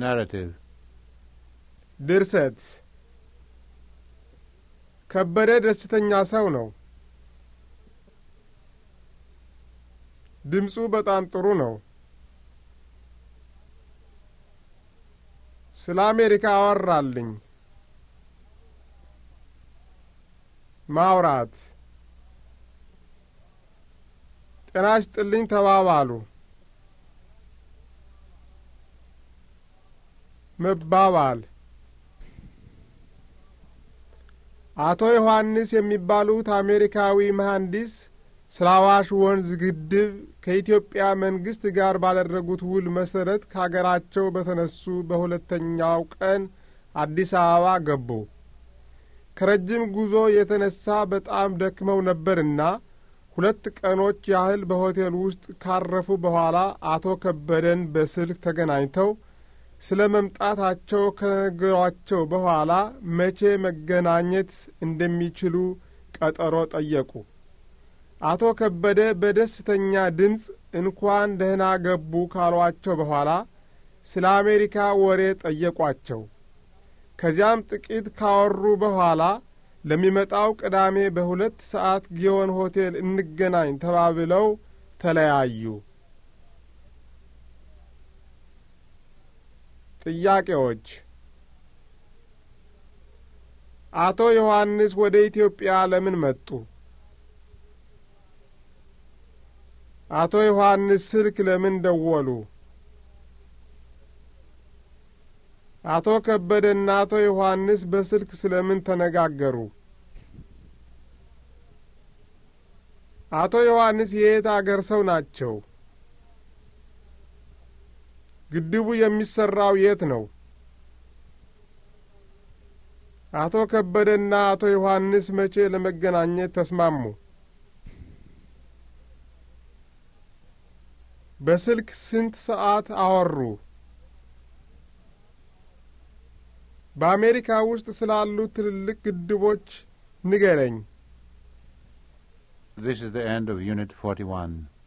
ናራቲቭ ድርሰት ከበደ ደስተኛ ሰው ነው። ድምፁ በጣም ጥሩ ነው። ስለ አሜሪካ አወራልኝ። ማውራት ጤና ይስጥልኝ ተባባሉ። መባባል አቶ ዮሐንስ የሚባሉት አሜሪካዊ መሐንዲስ ስለ አዋሽ ወንዝ ግድብ ከኢትዮጵያ መንግሥት ጋር ባደረጉት ውል መሠረት ከአገራቸው በተነሱ በሁለተኛው ቀን አዲስ አበባ ገቡ። ከረጅም ጉዞ የተነሳ በጣም ደክመው ነበርና ሁለት ቀኖች ያህል በሆቴል ውስጥ ካረፉ በኋላ አቶ ከበደን በስልክ ተገናኝተው ስለ መምጣታቸው ከነገሯቸው በኋላ መቼ መገናኘት እንደሚችሉ ቀጠሮ ጠየቁ። አቶ ከበደ በደስተኛ ድምፅ እንኳን ደህና ገቡ ካሏቸው በኋላ ስለ አሜሪካ ወሬ ጠየቋቸው። ከዚያም ጥቂት ካወሩ በኋላ ለሚመጣው ቅዳሜ በሁለት ሰዓት ጊዮን ሆቴል እንገናኝ ተባብለው ተለያዩ። ጥያቄዎች አቶ ዮሐንስ ወደ ኢትዮጵያ ለምን መጡ? አቶ ዮሐንስ ስልክ ለምን ደወሉ? አቶ ከበደና አቶ ዮሐንስ በስልክ ስለምን ተነጋገሩ? አቶ ዮሐንስ የየት አገር ሰው ናቸው? ግድቡ የሚሠራው የት ነው? አቶ ከበደና አቶ ዮሐንስ መቼ ለመገናኘት ተስማሙ? በስልክ ስንት ሰዓት አወሩ? በአሜሪካ ውስጥ ስላሉ ትልልቅ ግድቦች ንገረኝ። This is the end of Unit 41.